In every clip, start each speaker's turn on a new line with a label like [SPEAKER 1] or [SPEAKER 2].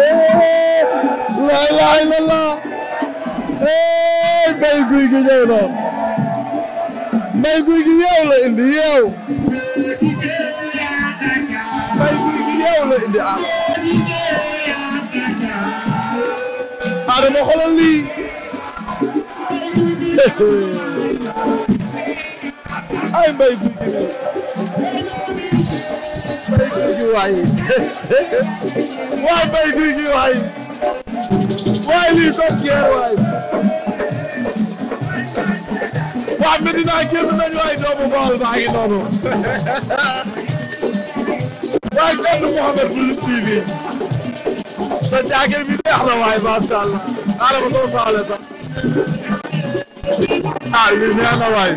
[SPEAKER 1] la ilaha illallah eh mbay guy gi ñëw na guy gi yeew la indi yeew mbay guy gi yeew la indi ah Adama xoolal lii ay mbay guy gi mbay guy gi waaye waay mbay guy gi waay waay lii doon jeer waay waa Medina génn nañu waay doomu bool baa ngi noonu waay kenn Mouhamed Boury TV sa jaage bi neex na waay macha allah ma doon faale sax ah lii neex na waay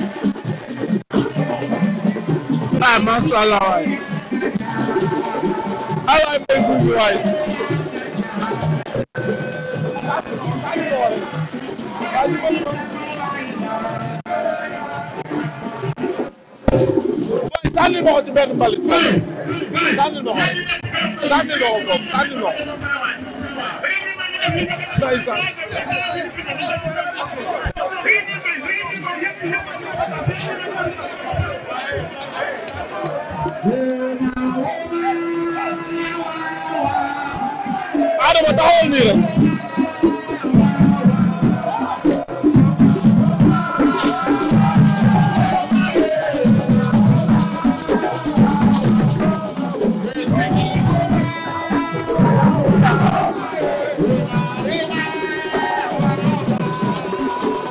[SPEAKER 1] ah, waay sànni ma ko ci benn mbalit sànni ma ko sànni ma ko boobu sànni ma booba taxawal nii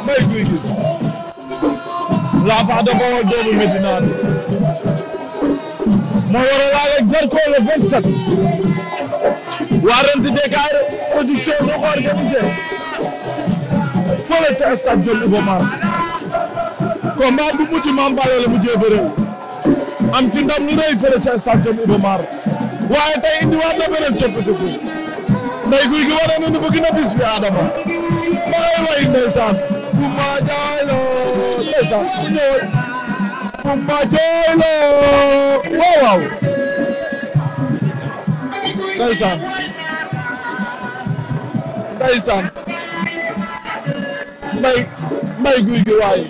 [SPEAKER 1] rek la fa da bawol doomu Medina moo war a laal ak Zarko le 27 waa ren di DKR production moo ko organisé fële ca stade Diop Iba Mar bu mujj Mame Balla la mujjee am ci ndam lu ca stade Diop Iba Mar waaye tey na beneen coppitiku ndey guy gi wane na ni bëgg na bis bi Adama ma ngay way ndeysaan Kumba jooylo ndeysaan Kumba jooylo waaw waaw ndeysaan ndeysaan mbay mbay guy gi waaye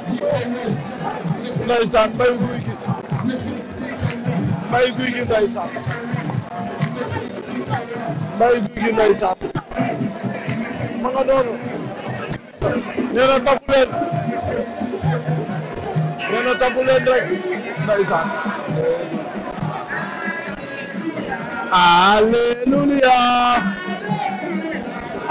[SPEAKER 1] ndeysaan mbay guy gi mbay guy gi ndeysaan mbay guy gi ndeysaan ma nga noonu nee na tabu leen nee na tabu leen rek ndeysaan Alléluia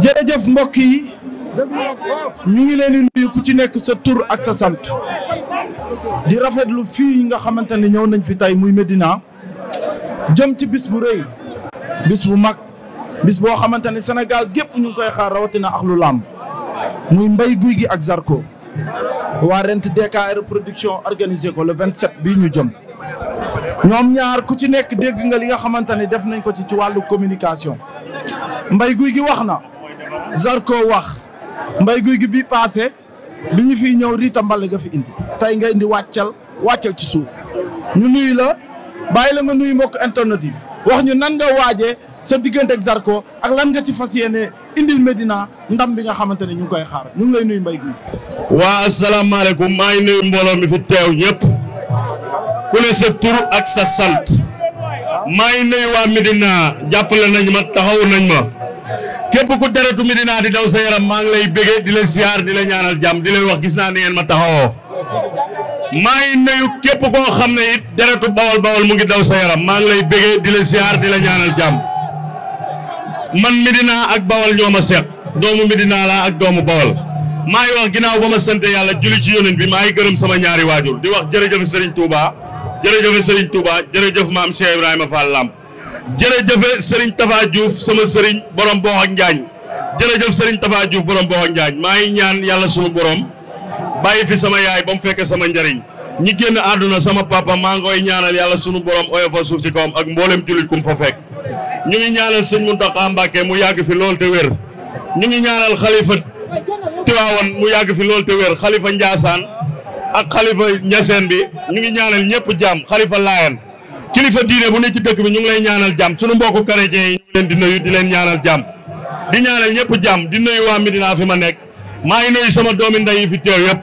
[SPEAKER 1] jërëjëf mbokk yi ñu ngi leen di nuyu ku ci nekk sa tur ak sa sant di rafetlu fii yi nga xamante ne ñëw nañ fi tey muy Medina jëm ci bis bu rëy bis bu mag bis boo xamante ne Sénégal gépp ñu ngi koy xaar rawatina ak lu muy mbay guy gi ak Zarko waa rent DKR production organisé ko vingt 27 bii ñu jëm ñoom ñaar ku ci nekk dégg nga li nga xamante ne def nañ ko ci ci wàllu communication mbay guy gi wax na Zarko wax mbay guy gi bi paase bi ñu fiy ñëw riita mbal nga fi indi tey nga indi wàccal wàccal ci suuf ñu nuyu la bàyyi la nga nuyu mbokk internet yi wax ñu nan nga waaje sa diggante ak Zarko ak lan nga ci fas yéene indil Medina ndam bi nga xamante ne ñu ngi koy xaar ñu ngi nuyu mbay guy
[SPEAKER 2] waa asalaamaaleykum maa ngi nuyu mbooloo mi fi teew ñëpp ku ne sa tur ak sa sant maa ngi nuyu waa Medina la nañ ma taxaw nañ ma képp ku deretu Medina di daw sa yaram maa ngi lay bége di la siyaar di la ñaanal jàmm di lay wax gis naa ni ma taxawoo maa ngi nuyu képp koo xam ne it deretu bawal bawal mu ngi daw sa yaram maa ngi lay bége di la siyaar di la ñaanal jàmm man Medina ak bawal ñoo ma seq doomu Medina la ak doomu bawal maa ngi wax ginnaaw ba ma sant yàlla julli ci yónent bi maa ngi gërëm sama ñaari waajur jërëjëf Serigne Touba jërëjëf maam Cheikh Ibrahima Fall Lamb jërëjëf sëriñ Tafa Diouf sama Serigne borom boo ak Njaañ jërëjëf Serigne Tafa Diouf borom boo ak maa ngi ñaan yàlla sunu borom bàyyi fi sama yaay ba fekkee sama njëriñ ñi génn àdduna sama papa maa ngi ñaanal yàlla sunu borom oyofal suuf ci kawam ak mboolem jullit kum fa fekk. ñu ngi ñaanal sëñ Mountakha Mbacké mu yàgg fi lool te wér ñu ngi ñaanal xalifa Tiwaawan mu yàgg fi lool te wér xalifa Ndiassane ak xalifa ñaseen bi ñu ngi ñaanal ñëpp jàmm xalifa laayan kilifa diine bu ne dëkk bi ñu ngi lay ñaanal jàmm sunu mbokku chrétien yi leen di nuyu di leen ñaanal jàmm di ñaanal ñëpp jàmm di nuyu waa Medina fi ma nekk maa ngi nuyu sama doomi nday yi fi teew yëpp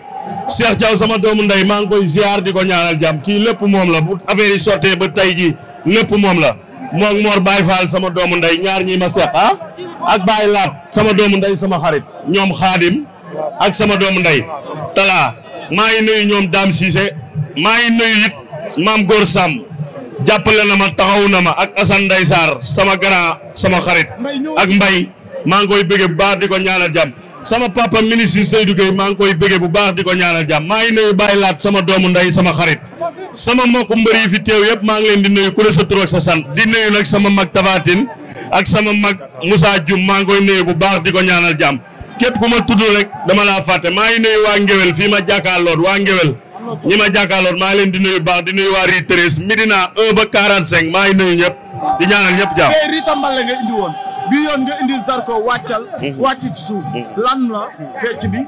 [SPEAKER 2] Cheikh Thiaw sama doomu ndey maa ngi koy ziar di ko ñaanal jàmm kii lépp moom la bu affaire yi ba tey jii lépp moom la moom Mor Baye Fall sama doomu ndey ñaar ñii ma seq ah ak Baye Laat sama doomu ndey sama xarit ñoom xaadim ak sama doomu ndey maa ngi nuyu ñoom Dame Cissé maa ngi nuyu maam Góor Samb jàppale na ma taxaw na ma ak Assane Ndeye Sarr sama grand sama xarit ak mbay maa ngi koy bëggee bu baax di ko ñaanal jàmm sama papa ministre Seydou Gueye maa ngi koy bëggee bu baax di ko ñaanal jàmm maa ngi nuyu Baye Laat sama doomu ndey sama xarit sama mbokku mbër yi fi teew yëpp maa ngi leen di nuyu ku ne sa tur sa sant di nuyu nag sama mag Tapha ak sama mag Moussa Dioum maa ngi koy nuyu bu baax di ko ñaanal jàmm képp ku ma tudd rek dama laa fàtte maa ngi nuyu waa Ngewel fii ma jàkkaarloot waa Ngewel ñi ma jàkkaarloot maa leen di nuyu baax di nuyu waa Rue 13 Médina 1 ba 45 maa ngi nuyu ñëpp di ñaanal ñëpp jàmm. tey Rita Mbale nga indi woon wàccal. wàcc ci suuf
[SPEAKER 1] lan la fecc bi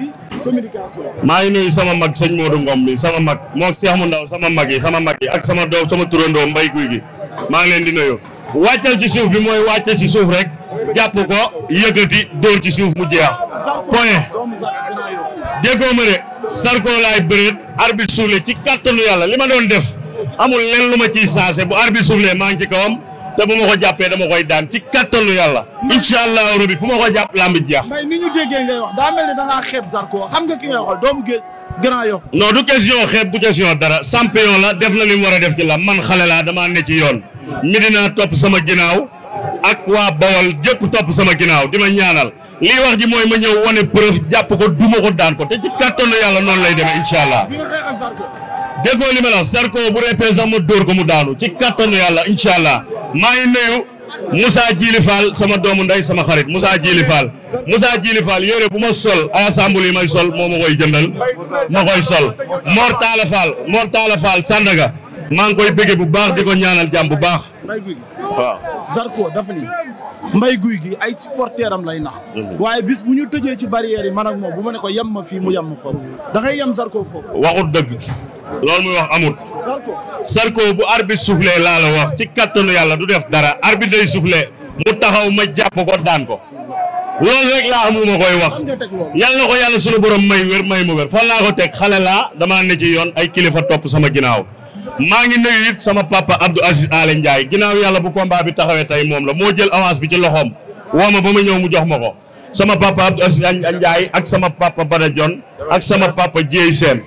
[SPEAKER 1] bi communication.
[SPEAKER 2] maa ngi nuyu sama mag sëñ Modou Ngom bi sama mag moo Cheikh mu ndaw sama mag yi sama mag yi ak sama doom sama turandoo mbay guy gi maa ngi leen di nuyu wàccal ci suuf bi mooy wàcce ci suuf rek. jàpp ko yëkkati dóor ci suuf mu jeex point déggoo ma de Zarko laay bëreet arbitre soufflé ci kàttanu yàlla li ma doon def amul leen lu ma ciy saase bu arbitre soufflé maa ngi ci kawam te bu ma ko jàppee dama koy daan ci kàttanu yàlla incha allahu rabi fu ma ko jàpp lamb jeex mais ni ñu déggee ngay wax nga doomu géej Grand Yoff non du question xeeb du question dara champion la def na li mu war a def ci la man xale laa damaa ne ci yoon mi dinaa topp sama ginnaaw ak waa Bawol jëpp topp sama ginnaaw di ma ñaanal lii wax ji mooy ma ñëw wane preuve jàpp ko duma ko daan ko te ci kàttanu yàlla noonu lay demee incha allah déggoo li ma la bu rëppee ma dóor ko mu daanu ci kàttanu yàlla incha allah maa ngi nuyu Moussa Djili Fall sama doomu ndey sama xarit Moussa Djili Fall Moussa Djili Fall yére bu ma sol assemblée yi may sol moo ma koy jëndal ma koy sol Mor Talla Fall Mor Talla Fall maa ngi koy bëgge bu baax di ko ñaanal jàmm bu baax.
[SPEAKER 1] mbay guy gi waaw Zarko dafa ni guy gi ay supporter lay nax mm-hmm. waaye bis bu ñu tëjee ci barrière yi man ak moom bu ma ne ko yem ma fii mu yem ma foofu da ngay yem Zarko foofu
[SPEAKER 2] waxut dëgg loolu muy wax amut Zarko bu arbitre soufflé laa la wax ci kattanu yàlla du def dara arbitre day soufflé mu taxaw ma jàpp ko daan ko loolu rek laa am lu ma koy wax yàlla na ko yàlla sunu borom may wér may mu wér fan laa ko teg xale laa damaa ne ci yoon ay kilifa topp sama ginnaaw maa ngi nuyu it sama papa Abdou Aziz Alé Ndiaye ginaaw yàlla bu combat bi taxawee tey moom la moo jël avance bi ci loxoom woo ma ba ma ñëw mu jox ma ko sama papa Abdou Aziz Ndiaye ak sama papa Bada Dione ak sama papa Dieye Sène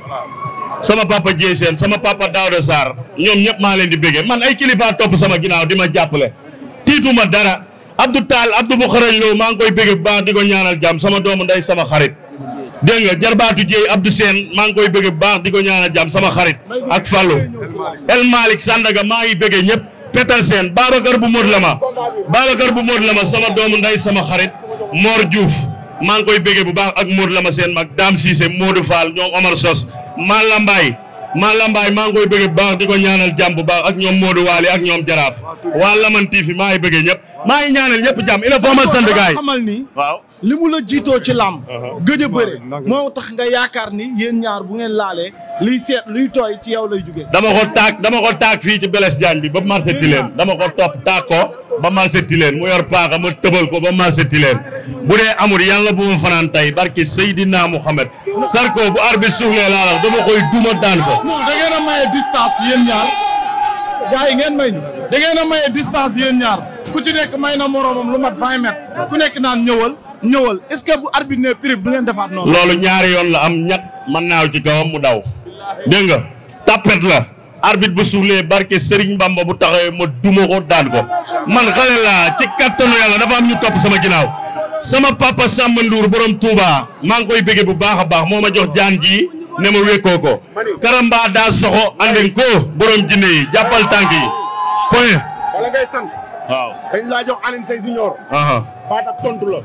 [SPEAKER 2] sama papa Dieye Sène sama papa Daouda Sarr ñoom ñëpp maa leen di béggee man ay kilifa topp sama ginnaaw di ma jàppale tiituma dara Abdou Tall Abdou bu xarañ Lo maa ngi koy bégge bu baax ko ñaanal jàmm sama doomu ndey sama xarit dégg nga jarbaatu Dieye Abdou seen maa ngi koy bëgge bu baax di ko ñaanal jàmm sama xarit ak Fallou El Malick Sandaga maa ngi bëgge ñëpp Petal Sène Babacar bu Modou Lama Babacar bu Modou Lama sama doomu nday sama xarit moor Diouf maa ngi koy bëgge bu baax ak Modou Lama Sène mag Dame Cissé Modou Fall ñoom Omar Sos maa Lambaay maa Lambaay maa ngi koy bëgge bu di ko ñaanal jàmm bu baax ak ñoom Modou Waly ak ñoom Jaraaf waa Lamantifi maa ngi bëgge ñëpp maa ngi ñaanal ñëpp jàmm il faut ma sant
[SPEAKER 1] li mu la jiitoo ci làmb gëj a moo tax nga yaakaar ni yéen ñaar bu ngeen laalee
[SPEAKER 2] liy seet luy tooy ci yow lay jugee dama ko taak dama ko taak fii ci Blaise Diagne bi ba marché Tilène dama ko topp taak ko ba marché Tilène mu yor paaka ma tëbal ko ba marché Tilène bu dee amul yàlla bu ma fanaan tey barki Seydina Mouhamed Sarko bu arbitre suuflee laa la dama koy duma daan ko non da ngeen a maye distance yéen ñaar gars yi ngeen may da ngeen
[SPEAKER 1] a maye distance yéen ñaar ku ci nekk may na moroomam lu mat vingt nekk naan ñëwal
[SPEAKER 2] ñëwal est-ce que bu arbitre ne prime du ngeen defaat loolu ñaari yoon la am ñett mën naaw ci kawam mu daw. dégg nga tapet la. arbitre bu suulee barke Serigne Mbamba bu taxawee ma duma ko daan ko man xale laa ci kattanu yàlla dafa am ñu topp sama ginnaaw sama papa Samba Ndour borom Touba maa ngi koy bëggee bu baax a baax moo ma jox jaan ji ne ma wékkoo ko karamba daa soxo anden ko borom jinne yi jàppal tànk yi point. waaw jox Alioune baat ak tontu la.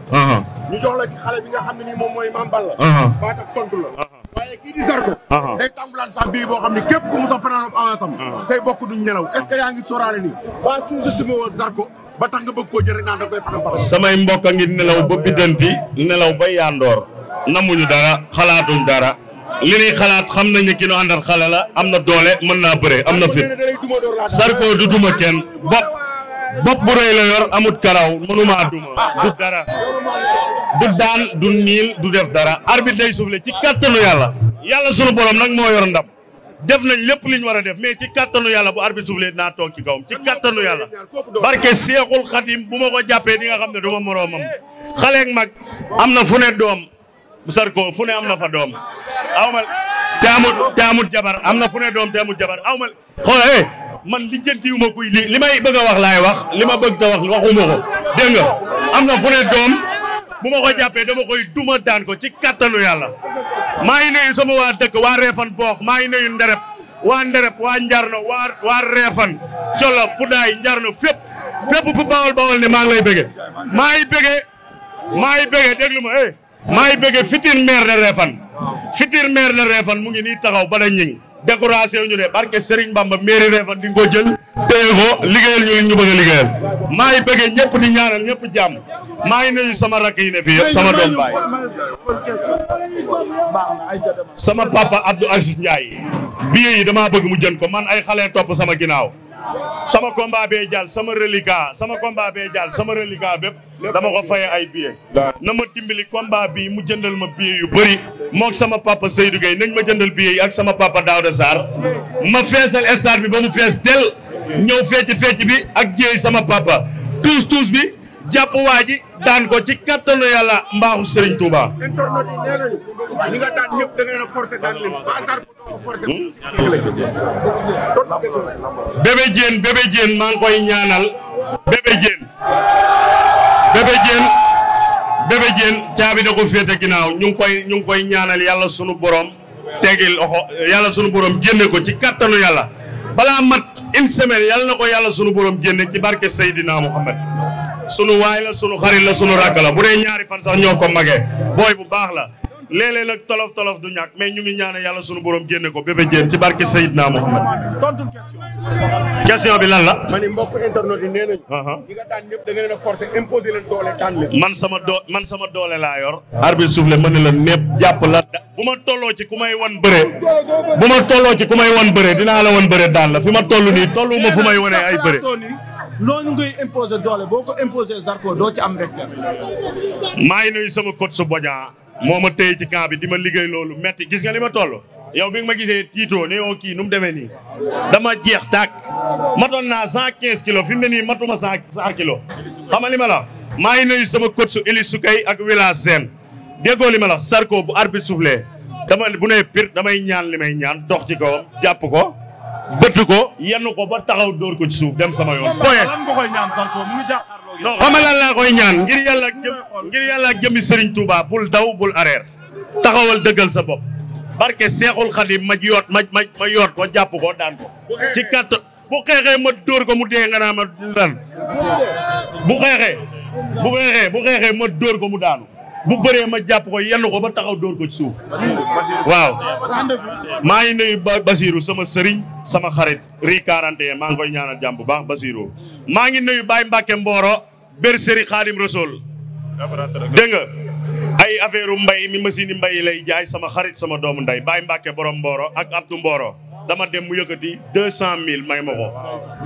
[SPEAKER 2] ñu jox la ci xale bi nga xam ne nii moom mooy Mame Balla. baat ak tontu la. waaye kii di Zarko. day boo xam ne képp ku bokk duñ nelaw est ce que yaa ngi sóoraale nii. waa sous-estimé nga bëgg koo jëriñ naan da koy faram samay mbokk a ngi nelaw ba biddanti nelaw ba yaandoor. namuñu dara xalaatuñ dara. li ñuy xalaat xam nañ ne ki ñu àndal la am na doole mën naa bëre am na fit. Zarko du duma kenn bopp. bopp bu rëy la yor amut karaw mënuma duma du dara du daan du niil du def dara arbitre day soufflé ci kàttanu yàlla yàlla sunu borom nag moo yor ndam def nañ lépp li ñu war a def mais ci kàttanu yàlla bu arbitre suble naa toog ci kawam ci kàttanu yàlla barke seexul xatim bu ma ko jàppee di nga xam ne du ma moroomam xale mag am na fu ne doom Zarko fu ne am na fa doom awmal te amut jabar am na fu ne doom te amut jabar awmal xool eh man li jëntiwuma kuy li li may bëgg wax laay wax li ma bëgg ta wax waxuma ko dégg am na fu ne doom bu ma ko jàppee dama koy duma daan ko ci kattanu yàlla maa ngi nuyu sama waa dëkk waa reefan boox maa ngi nuyu ndereb waa ndereb waa njarno waa waa reefan jolof fudaay njarno fépp fépp fu bawol bawol ne maa ngi lay bëgge maa ngi bëgge ngi bëgge déglu ma eh maa ngi bëgge fitir maire de reefan fitir maire de reefan mu ngi nii taxaw ba da ñing découragé ñu de barke Serigne Bamba mairie Réfane di nga ko jël téye ko liggéeyal ñu li ñu bëgg a liggéeyal maa ngi bëggee ñëpp di ñaanal ñëpp jàmm maa ngi nuyu sama rakk yi ne fii sama doom baay sama papa Abdou Aziz Ndiaye billet yi damaa bëgg mu jën ko man ay xale topp sama ginnaaw. sama combat bee jàll sama reliquat sama combat bee jàll sama reliquat bépp dama ko faye ay billets. na ma dimbali combat bi mu jëndal ma billets yu bëri moo sama papa Seydou nañ ma jëndal billets yi ak sama papa Daouda Sarr ma feesal stade bi ba mu fees del ñëw fecc fecc bi ak jéey sama papa tuus tuus bi. jàpp waa ji daan ko ci kattanu yàlla mbaaxu Serigne Touba. internet yi hmm? maa ngi koy ñaanal bébé Diène bébé Diène bébé caabi da ko féete ginnaaw ñu ngi koy ñu ngi koy ñaanal yàlla sunu borom tegil yàlla sunu borom génne ko ci kattanu yàlla balaa mat une semaine yàlla na ko yàlla sunu borom génne ci barke Seydina Muhammad sunu waay la sunu xarit la sunu rakk la bu dee ñaari fan sax ñoo ko magee booy bu baax la léeg nag tolof tolof du ñàkk mais ñu ngi ñaanal yàlla sunu borom jénne ko Bébé Diène ci barke Seydina Mohamed. tontu question. question bi lan la. ma ni mbokk internet yi nee nañu. Uh-huh. ñi nga daan ñëpp da nga leen man sama doo man sama doole laa yor. arbitre souffle mën na la népp jàpp la. bu ma tolloo ci ku may wan bëre. bu ma tolloo ci ku may wan bëre dinaa la wan bëre daan la fi ma toll nii tollu ma fu may wane ay bëre. loolu ngay imposer doole boo ko imposer sarko doo ci am rek maa ngi nuyu sama coach su Boja moo ma téye ci camp bi di ma liggéey loolu metti gis nga li ma toll yow bi nga ma gisee tiitoo ne yow kii nu mu demee nii dama jeex tàkk matoon naa cent quinze kilos fi mu ne nii matuma cent kilo xam li ma la maa ngi nuyu sama coach su Eli Soukay ak Wila Sène déggoo li mala la bu arbitre soufflé dama bu ne pir damay ñaan li may ñaan dox ci ko jàpp ko bët ko yenn ko ba taxaw dóor ko ci suuf dem sama yoon. poye lan
[SPEAKER 1] nga koy ñaan Zarko koy ñaan ngir yàlla
[SPEAKER 2] ngir yàlla jëmi sëriñ Touba bul daw bul areer. taxawal dëggal sa bopp. barke Seexul Xadim ma yoot ma ma ma yoot ko jàpp ko daan ko. ci kàtt bu xeexee ma dóor ko mu dee nga naa ma lan. bu xeexee bu xeexee bu xeexee ma dóor ko mu daanu. bu bëree ma jàpp ko yenn ko ba taxaw dóor ko ci suuf.
[SPEAKER 1] waaw. maa
[SPEAKER 2] ngi nuyu Basirou sama sëriñ sama xarit. ri 41 maa ngi koy ñaanal jàmm bu baax Basirou. maa ngi nuyu Baye Mbacke Mboro. berserie xaalim Rasool. dégg nga ay affaire mbay mi machine mbay lay jaay sama xarit sama doomu nday Baye Mbacke borom Mboro ak Abdou Mboro. dama dem mu yëkkati deux cent mille may ma ko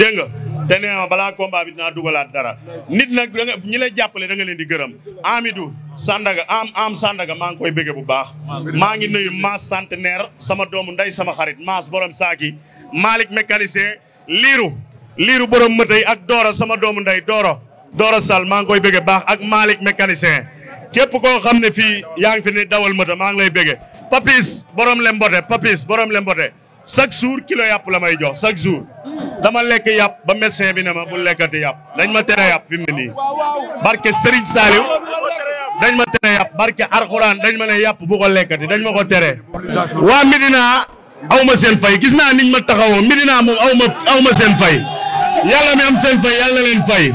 [SPEAKER 2] dégg nga te nee ma balaa combat na dinaa dugalaat dara nit nag da nga ñi lay jàppale da nga leen di gërëm Amidou Sandaga am am Sandaga maa ngi koy bëgge bu baax maa ngi nuyu Maas centenaire sama doomu ndey sama xarit Maas borom saaki Malick mécanicien liiru liiru borom mëtëy ak Doro sama doomu ndey Doro Doro Sall maa ngi koy bëgge baax ak Malick mécanicien képp koo xam ne fii yaa ngi fi ne dawal mëta maa ngi lay bëgge Papis borom le mbote Papis borom le mbote chaque jour kilo yàpp la may jox chaque jour dama lekk yàpp ba médecin bi ne ma bu lekkati yàpp dañ ma tere yàpp fi mu nii barke Serigne Saliou dañ ma tere yàpp barke Alxuraan dañ ma ne yàpp bu ko lekkati dañ ma ko tere waa Medina aw ma seen fay gis naa niñ ma taxawoo Medina moom aw ma aw ma seen fay yàlla mi am seen fay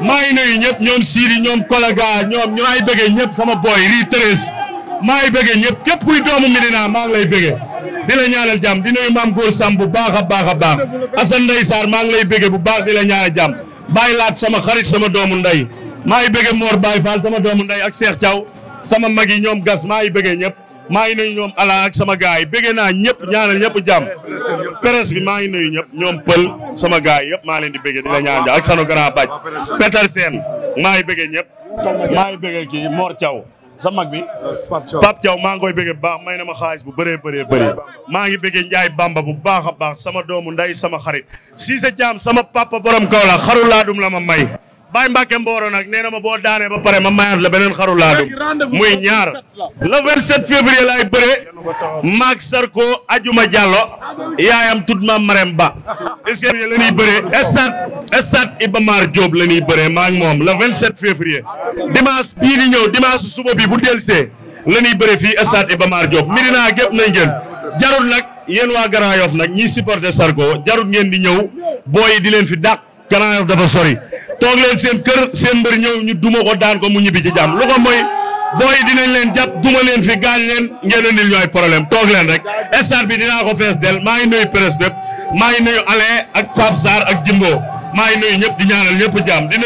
[SPEAKER 2] maa ngi nuyu ñëpp ñoom Sidi ñoom Kolaga ñoom ñoo ay bëggee ñëpp sama boy rii tërës maa ngi bëggee ñëpp képp kuy doomu Medina maa ngi lay bëggee di la ñaanal jàmm di nuyu maam góor sam bu baax a baax a baax Assane Ndeye maa ngi lay bége bu baax di la ñaanal jàmm bàyyi laat sama xarit sama doomu nday maa ngi bége Mor Baye Fall sama doomu nday ak Cheikh Thiaw sama mag yi ñoom gas maa ngi bége ñëpp maa ngi nuyu ñoom ala sama gaay yi bége naa ñëpp ñaanal ñëpp jàmm presse bi maa ngi nuyu ñëpp ñoom pël sama gaay yëpp maa leen di bége di la ñaanal jàmm ak sanu grand baj Petersen maa ngi bége ñëpp maa ngi bége kii Mor sa mag bi euh, Pape koy bëggee bu baax may na ma xaalis bu bëree bëree bëri maa ngi bëggee Ndiaye Bamba bu baax a baax sama doomu nday sama xarit Cissé Thiam sama papa borom kaw la xaru laadum la ma may Baye Mbacke Mboro nag nee na ma boo daanee ba pare ma mayaat la beneen xaru laadum muy ñaar le 27 février laay bëree maak Sarko Ajuma Diallo yaayam tudd maam Marème Ba. est-ce que la ñuy bëree stade stade Iba Mar la ñuy bëree maa ngi bii di ñëw dimanche suba bi bu delsee la ñuy bëree fii i Iba Mar Diop Medina gépp nañ gën jarul nag yéen waa Grand Yoff nag ñiy supporter Sarko jarul ngeen di ñëw booy di leen fi dàq. Grand Yoff dafa sori toog leen seen kër seen mbër ñëw ñu duma ko daan ko mu ñibbi ci jàmm lu ko mooy. booy dinañ leen jàpp duma leen fi gaañ leen ngeen andil ñooy problème toog leen rek stade bi dinaa ko fees del maa ngi nuyu presse bépp maa ngi nuyu Alain ak Pape Sarr ak Jimbo maa ngi nuyu ñëpp
[SPEAKER 1] di ñaanal ñëpp jàmm di